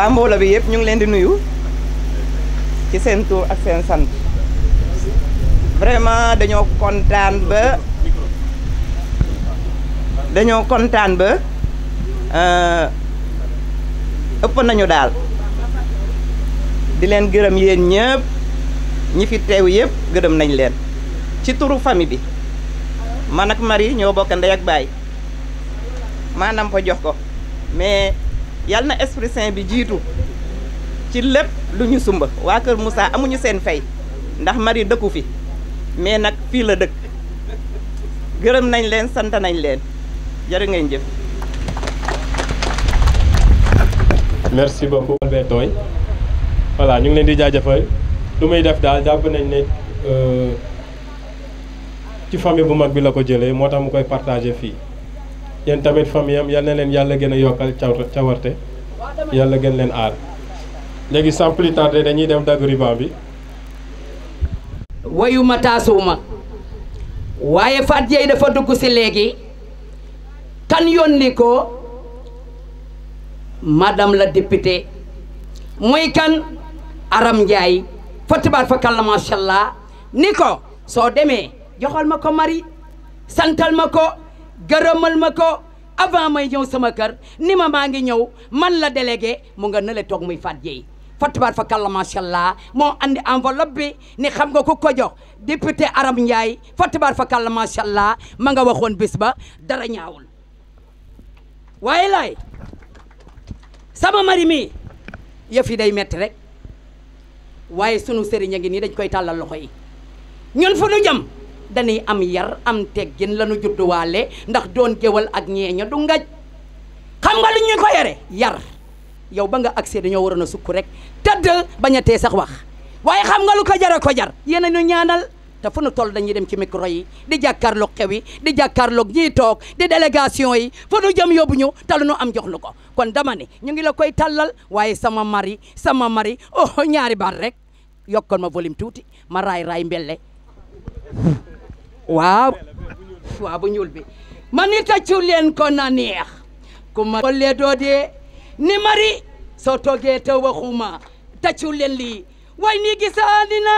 waa mbooloo bi yëpp ñu ngi leen di nuyu ci seen tur ak seen sant vraiment dañoo kontaan ba dañoo kontaan ba euh, ëpp nañu daal di leen gërëm yéen ñëpp ñi fi teew yëpp gërëm nañ leen ci turu famille bi man ak Marie ñoo bokk ndey ak baay maanaam ko jox ko mais. yal na esprit saint bi jiitu ci lépp lu ñu sumba waa Kër Moussa amuñu seen fay ndax Marie dëkku fi mais nag fii la dëkk gërëm nañ leen sant nañ leen jërë ngeen jëf. merci beaucoup Albert Toye voilà ñu ngi leen di jaajëfal lu muy def daal jàpp nañ ne euh, ci famille bu mag bi la ko jëlee moo tax mu koy partagé fii. yéen tamit famille am yal na leen yàlla gën a yokkal cawarte yàlla gën leen aar léegi sans plus dañuy def dagg ruban bi wayuma taasuuma waaye Fatou Dieye dafa dugg si léegi kan yónni ko madam la députée muy kan Aram Ndiaye fatibaat fa kàlla macha allah ni ko soo demee joxal ma ko mari santal ma ko gërëmal ma ko avant may ñëw sama kër ni ma maa ngi ñëw man la délégué mu nga nële toog muy faat jeey fatubaar fa kàlla macha allah moo andi enveloppe bi ni xam nga ku ko jox député Aram Ndiaye fatubaar fa kàlla macha allah ma nga waxoon bis ba dara ñaawul waaye lay sama mari mi yëf yi day metti rek waaye sunu sëriñ a ngi nii dañ koy tàllal loxo yi ñun fu nu jëm dañuy am yar am teggin la nu judduwaale ndax doon géwal ak ñeeña du ngaj xam nga ñu ko yore yar yow ba nga accès dañoo waroon a sukku rek tëdd baña a tee sax wax waaye xam nga ko jara ko jar yéen ñu ñaanal te fu nu toll dañuy dem ci micro yi di jàkkaarloog xew yi di jàkkaarloog ñiy toog di délégation yi fu jam jëm yóbbu ñu te lu nu am jox nu ko kon dama ne ñu ngi la koy tàllal waaye sama mari sama mari oh ñaari baat rek yokkal ma volume tuuti ma raay raay mbelle waaw bu ñuul bi ma ni tëccu ko na ku ma kollee doo ni mari soo toogee te waxuma leen lii way ni gisaani na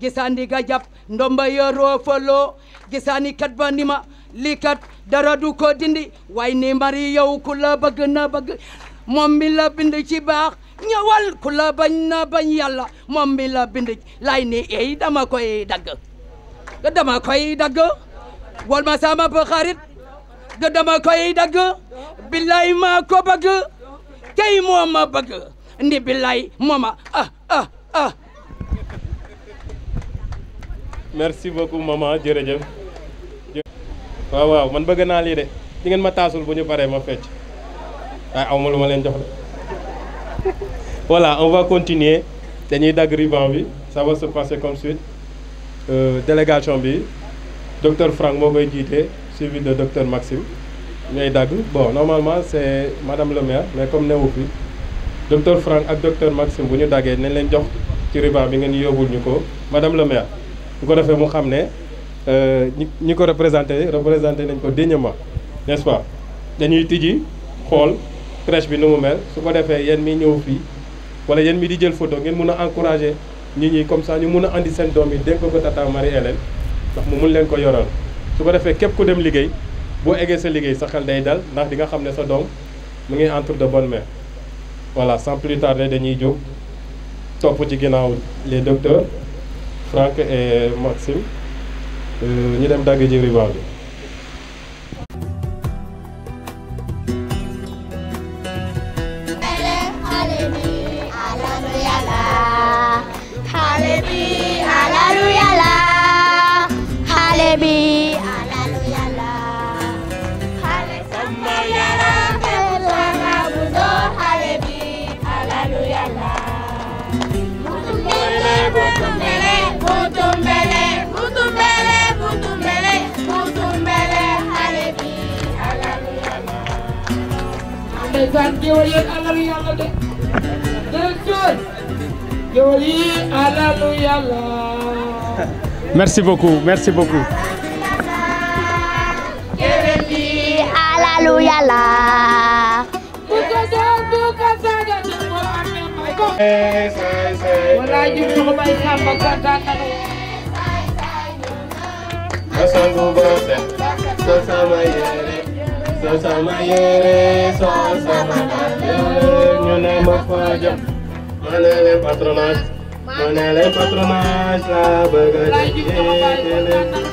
gisaani ga jàpp ndomba yoroo foloo gisaani kat ba ni ma lii kat dara du ko dindi way ni mari yow ku la bëgg na bëgg moom mi la bind ci baax ku la bañ na bañ yàlla moom mi la bind lay ni ey dama koy dagg da dama koy dagg wal ma sama ba xarit da dama koy dagg billaay maa ko bëgg tay moma ma bëgg ndi billaay moo ah ah ah merci beaucoup maman jërëjëf waaw waaw man bëgg na li dé di ngeen ma tassul buñu ñu ma fecc ay awma luma len ma jox voilà on va continuer dañuy dag ruban bi ça va se passer comme suite euh, délégation bi docteur Franck moo suivi de docteur Maxime bon normalement c'est madame le maire mais comme newu fi docteur Franck ak docteur Maxime vous dagué nañ leen jox ci au bi madame le maire bu ko nous mu xamné euh ñiko nañ ko dignement nous ce pas dañuy xol crèche bi nu mu mel su ko mi ñëw fi wala yeen mi di jël photo nous sommes comme ça ñu andi seen doom yi ko tata Marie Hélène ndax mu mun leen ko yoral su ko defee képp ku dem liggéey boo eggee sa liggéey sa xel day dal ndax di nga sa de bonnes mains voilà sans plus tarder dañuy jóg topp ci les docteurs Franck et Maxime nous euh, dem dagg géwél yi alalu yàlla de directeur géwél yi alalu yàlla merci beaucoup merci beaucoup géwél yi alalu yàlla bu ko doon bu ko saagal di ko amee may ko wala ji ko may samba gàttal Sangu ba set, so sama yere sama yere so sama dalil ñune ma faja manele patronage manele patronage la bëgg di